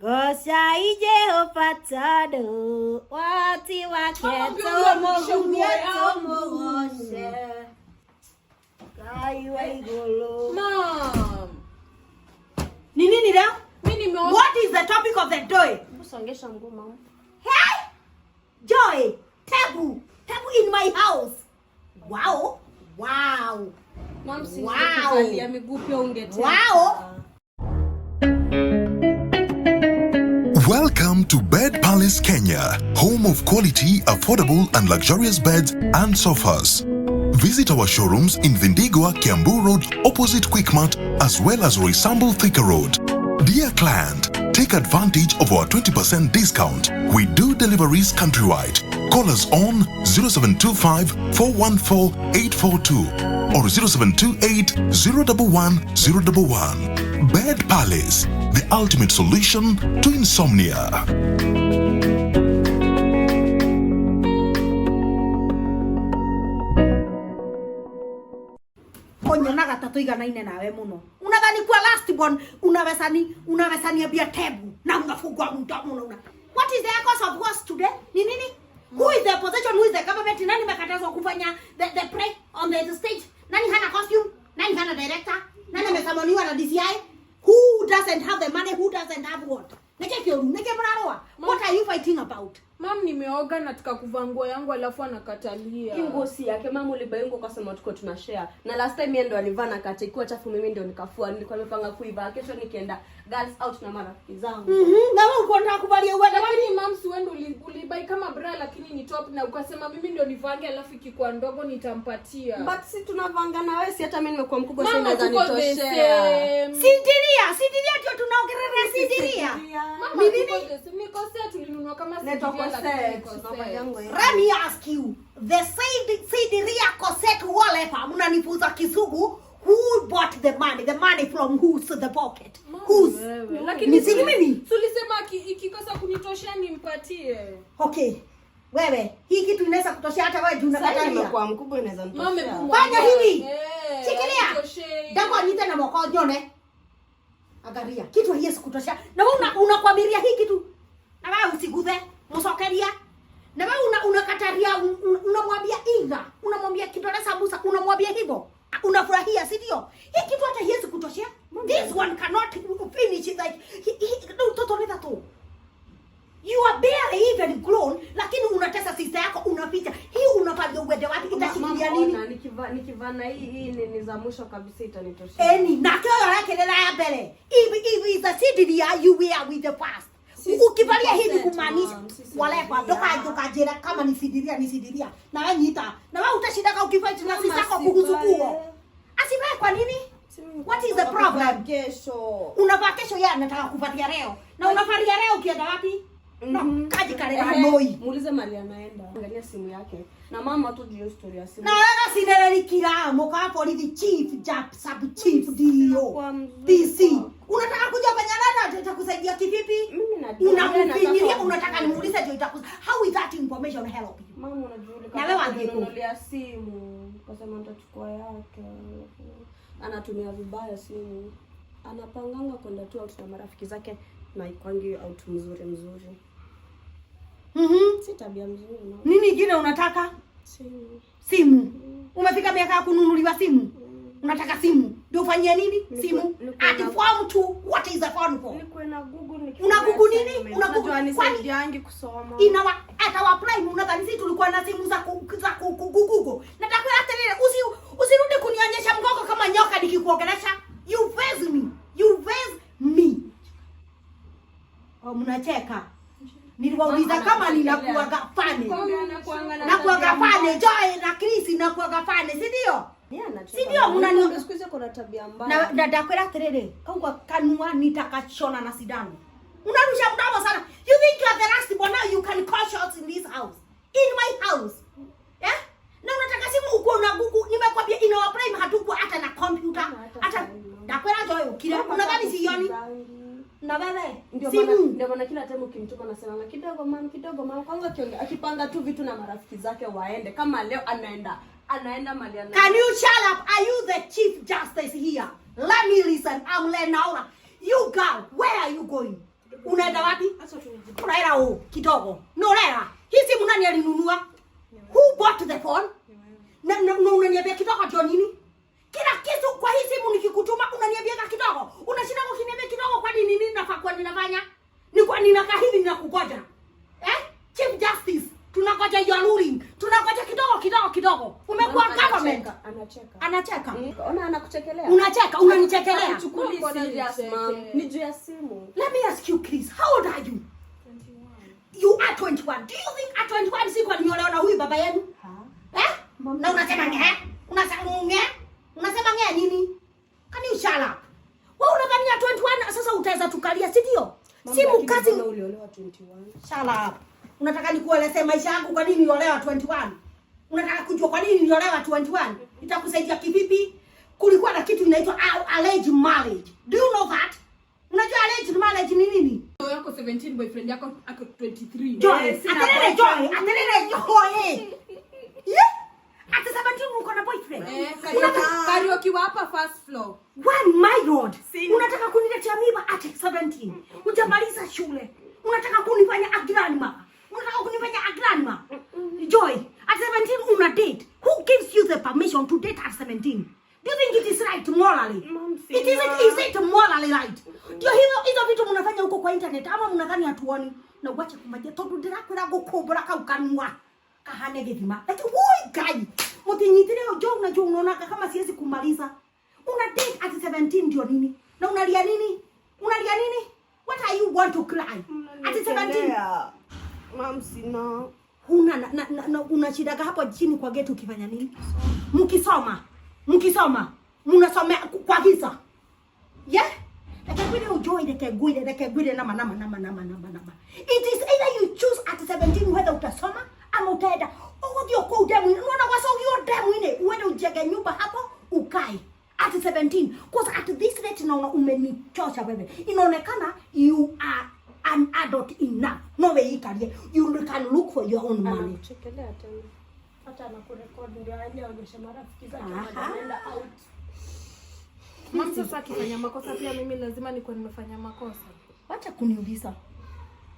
Goshai Jehova tado wati wake tomo omogoshe kaiwa igolo. Mom, ni nini leo? Mimi nimeona. What is the topic of the day? Usongesha mguu mama. Hey! Joy, tabu, tabu in my house. Wow, wow. Mom, si wow. Miguu pia ungetenda. Wow. Welcome to Bed Palace Kenya, home of quality, affordable and luxurious beds and sofas. Visit our showrooms in Vindigua, Kiambu Road, opposite Quickmart, as well as Resamble Thika Road. Dear client, take advantage of our 20% discount. We do deliveries countrywide. Call us on 0725 414 842 or 0728 011 011. Bed Palace the ultimate solution to insomnia. nawe muno kwa last born unawesani unawesania bia tebu na una what is the cause of today ni nini who is the who is the government nani kufanya the, the play on the stage nani hana costume nani hana director nani amesamoniwa na DCI Who doesn't have the money? Who doesn't have what? Neke kioru, neke brarua. What are you fighting about? Mam, nimeoga nataka kuvaa nguo yangu alafu anakatalia. Hiyo nguo si yake. Mam, ulibai nguo kasema tuko tunashare. Na last time yeye ndo alivaa na kata ikiwa chafu mimi ndio nikafua. Nilikuwa nimepanga kuiva. Kesho nikienda girls out na marafiki zangu. Mhm, mm na wewe uko na kubalia unakubalia uwe lakini mamsi wewe ulibai kama bra lakini ni top na ukasema mimi ndio nivange alafu ikikuwa ndogo nitampatia. But si tunavanga na wewe si hata mimi nimekuwa mkubwa sana naweza nitoshea. Sindiria, sindiria ndio tunaongelea sindiria. Mimi nikosea tulinunua kama sindiria. Eh. Let me ask you. The sindiria wale pa mnanipuza kizungu Who bought the money? The money from who's the pocket? Who's? Okay. Wewe, hii kitu inaweza kutoshea hata wewe juu unakatalia. hivi. Eh, Shikilia. Dako nita na mokao jone. Agaria. Kitu haiwezi kutoshea. Na wewe unakwamiria hii kitu. Na wewe usigudhe. Msokeria. Na wewe unakataria unamwambia inga. Unamwambia kidole sambusa. Unamwambia hivyo unafurahia, si ndio? Hii kitu hata hiwezi kutoshea. This one cannot finish it like no toto ni tatu. You are barely even grown lakini unatesa sister yako unaficha. Hii unafanya uende wapi? Itashikilia nini? Nikivaa nikivana hii hii ni za mwisho kabisa itanitoshea. Eni na kio yake la ya mbele. If if is the city you wear with the past ukivalia hivi kumaanisha wale kwa toka tukajera kama ni ni nisidiria na wewe nyita na wewe utashindaka ukifight na sisi zako kukuzukuo asivae kwa nini what is the problem kesho unavaa kesho yeye anataka kupatia leo na unafaria leo ukienda wapi Mm -hmm. Kaji karera noi. Muulize Maria naenda. Angalia simu yake. Na mama tu ndio story ya simu. Na wewe sineleli kila moka hapo ni chief, jap, sub chief, dio. E DC. Unataka kuja kwenye nani Unafinyilia unataka nimuulize ndio itakuza. How is that information help you? Mama unajulikana. Na wewe angekununulia simu kasema nitachukua yake. Anatumia vibaya simu. Anapanganga kwenda tu out na marafiki zake na ikwangi out mzuri mzuri. Mhm. si tabia mzuri. No. Nini jina unataka? Simu. Simu. Mm. Umefika miaka ya kununuliwa simu? Mm. Unataka simu? ufanyia nini? Simu. Ati form tu, what is a form for? Niko na Google Una Google nini? Una Google anisaidiangi kusoma. Inawa ata wa prime una kanisa tulikuwa na simu za ku, za ku, ku, Google. Nataka hata lile usi usirudi kunionyesha mgongo kama nyoka nikikuongelesha. You face me. You face me. Oh, mnacheka. Niliwauliza kama ninakuaga fane. Nakuaga fane, Joy na Chris nakuaga fane, si ndio? kuna ndakwä ra atä rä rä kaugwa kanua nitakachona na sidano unarusha mdomo sana you think you are the last one now you can call shots in this house in my house yeah? na unataka simu uko na gugu nimekwambia ina our prime hatukuwa hata na computer hata ndakwera joyo kile unadhani sioni na wewe simu ndio maana kila time ukimtuma nasema na kidogo mama kidogo mama kwanza akipanga tu vitu na marafiki zake waende kama leo anaenda anaenda mali anaenda. Can you shut up? Are you the chief justice here? Let me listen. I'm Lenaura. You girl, where are you going? Unaenda wapi? Unaenda huko kidogo. No lera. Hii simu nani alinunua? Who bought the phone? Na na na unaniambia kidogo ndio nini? Kila kitu kwa hii simu nikikutuma unaniambia kidogo. Una Unashinda kuniambia kidogo kwa nini nini nafaa kwa ninafanya? Ni kwa ninakaa hivi ninakugoja. Eh? Chief justice. Tunangoja hiyo ruling. Tunangoja kidogo kidogo kidogo. Umekuwa government. Anacheka. Anacheka. Eh? Ona anakuchekelea. Unacheka, unanichekelea. Chukuli serious mom. Ni juu ya simu. Let me ask you Chris, How old are you? 21. You are 21. Do you think at 21 siko aliolewa na huyu baba yenu? Ha? Eh? Na unasema nge? Unasema nge? Unasema nge nini? Can you shut up? Wewe unadhani 21 sasa utaweza tukalia, si ndio? Si mkazi. Shut up. Unataka nikuelezee maisha yangu kwa nini niliolewa 21? Unataka kujua kwa nini niliolewa 21? Nitakusaidia kivipi? Kulikuwa na kitu inaitwa arranged marriage. Do you know that? Unajua arranged marriage ni nini? Wewe yako 17 boyfriend yako ako 23. Joy, eh, atelele Joy, atelele Joy. Yeah. Ata 17 uko na boyfriend. Eh, karaoke wapa first floor. One my lord, Unataka kuniletea mimba at 17. Hujamaliza shule. Unataka kunifanya a grandma. Unakunyima ya grandma. Joy, at 17 una date. Who gives you the permission to date at 17? Do you think it is right morally? Mamsi, it isn't, is it morally right? Ndio hizo hizo vitu mnafanya huko kwa internet ama mnadhani hatuoni na wacha kumaje tondu ndirakwira gukumbura kau kanwa kahane githima. Like why guy? Mutinyitire ujo unajua unaona kama siwezi kumaliza. Una date at 17 ndio nini? Na unalia nini? Unalia nini? What are you want to cry? At 17. Mamsi na una na, na, na, unashidaga hapo chini kwa geti ukifanya nini? Mkisoma. Mkisoma. Mnasomea kwa giza. Yeah? Lekegwile ujoi lekegwile lekegwile nama nama nama nama nama nama. It is either you choose at 17 whether utasoma ama utaenda. Oh ndio kwa udemu. Unaona kwa sababu hiyo demu ile uende ujenge nyumba hapo ukae. At 17 Cause at this rate naona umenichosha wewe. Inaonekana you are an adult enough no way you can you can look for your own money sasa akifanya makosa pia Wacha kuniuliza.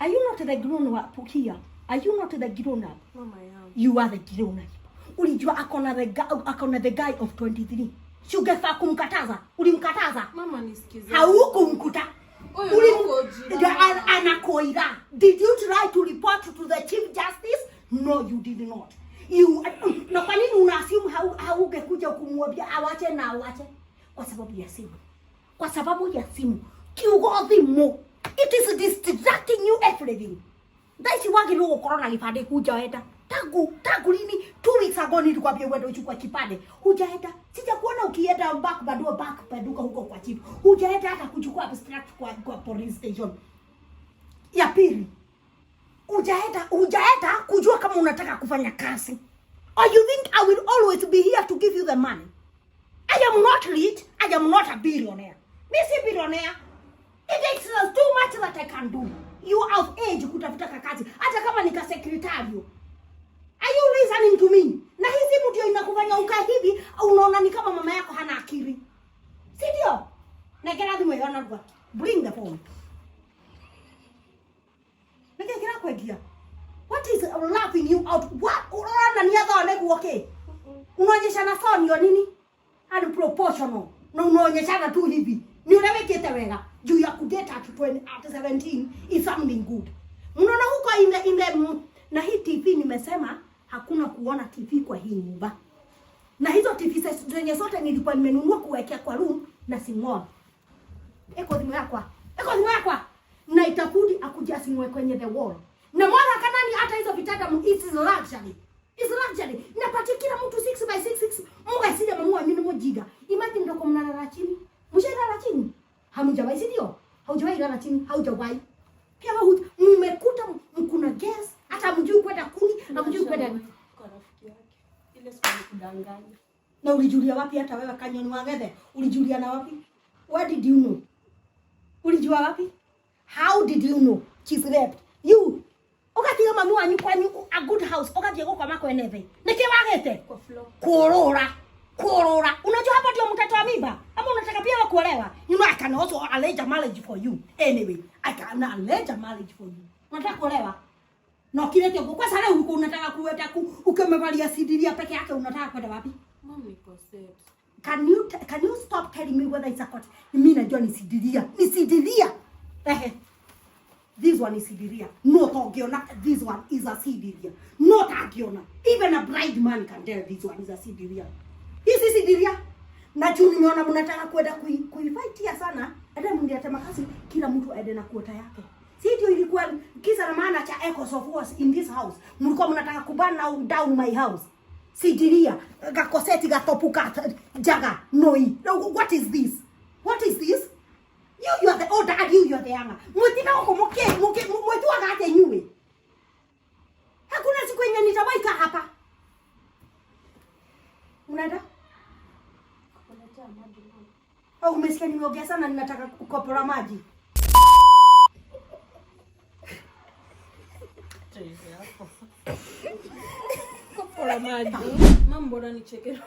Are you not the grown up here? Are you not the grown up? Mama yangu. You are the grown up. Ulijua akona the guy, akona the guy of 23. Si ungefaa kumkataza? Ulimkataza? Mama nisikize. Haukumkuta. mkoji. Moira, did you try to report to the Chief Justice? No, you did not. You, na kwa nini unaasimu haungekuja kumwambia awache na awache? Kwa sababu ya simu. Kwa sababu ya simu. Kiugothi mo. It is distracting you everything. Thaici wagi nä gå korwo na gä bandä kunjaenda tangu tangu lini two weeks ago nilikwambia uende uchukue kipande, hujaenda. Sijakuona ukienda back badua back paduka huko kwa chief, hujaenda hata kuchukua abstract kwa, kwa police station ya pili, ujaenda ujaenda kujua kama unataka kufanya kazi or you think I will always be here to give you the money. I am not rich, I am not a billionaire. Mi si billionaire. It is too much that I can do. You are of age kutafuta kazi hata kama ni ka secretary. Are you listening to me? Na hii simu ndio inakufanya ukae hivi, unaona ni kama mama yako hana akili. Si ndio? Na kila mtu mwenyewe Bring the phone kwendia what is laughing you out what unaona ni adho ne guoke unaonyesha na phone yo nini and proportional na unaonyeshana tu hivi ni ule wekete wega juu ya kugeta at 20 at 17 is something good unaona huko in the, mm, na hii TV nimesema hakuna kuona TV kwa hii nyumba na hizo TV zenye zote nilikuwa nimenunua kuwekea kwa room na sing'oa. Eko simu yakwa, eko simu yakwa, na itakudi akuja simu kwenye the wall na mwana kanani hata hizo vitanda is luxury it's luxury na pati kila mtu 6 by 6 6 mungu asije mamua mimi mojiga imagine ndoko mnalala chini mshailala chini hamjawahi ndio haujawahi lala chini haujawahi pia wao mmekuta mkuna gas hata mjui kwenda kuni na mjui kwenda kwa rafiki yake ile siku kudanganya na ulijulia wapi? Hata wewe kanyoni wangethe ulijulia na wapi? Where did you know? Ulijua wapi? How did you know? chief rep you ugatiga mami wanyu kwanyu a good house ugathie gukwa makwenethe niki wagete kurura kurura unajua hapo ndio mtoto wa mimba ama unataka pia wa you know i can also arrange a marriage for you anyway i can arrange a marriage for you unataka kuolewa na no, kile kile kwa sare leo unataka kuweta ku ukimevalia sidiria peke yake unataka kwenda wapi mami concept can you can you stop telling me whether it's a court mimi najua ni sidiria ni sidiria ehe this one is sidiria Not Ogiona, this one is a sidiria not akiona even a bright man can tell this one is a sidiria hizi sidiria na juu nimeona mnataka kwenda kuifaitia kui sana hata mndiatema kasi kila mtu aende na kuota yake Sivyo ilikuwa kisa na maana cha echoes of wars in this house. Mlikuwa mnataka kubana down my house. Sidiria, gakoseti gatopuka jaga noi. what is this? What is this? you you are the Yu yote odagi yu yote yanga. Mwetika huko mke mke mwetu akate nyuwe. Hakuna siku yenye nitawahi kaa hapa. Unaenda? Kukuletea maji. Au oh, umesikia nimeogea sana ninataka kukopora maji. Kopora maji. Mambo na nichekera.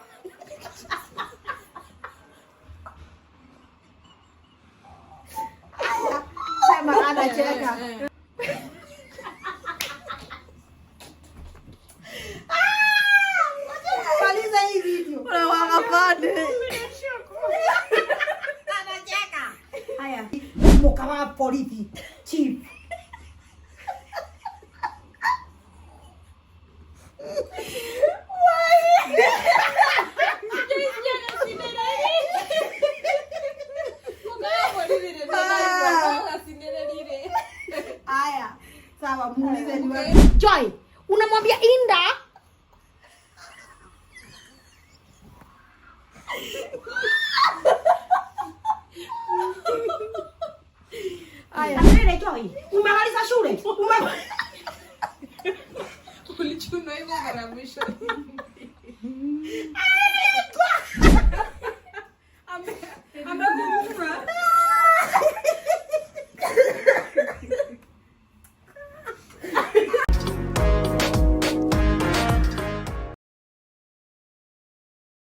哎哎哎。ambiente indah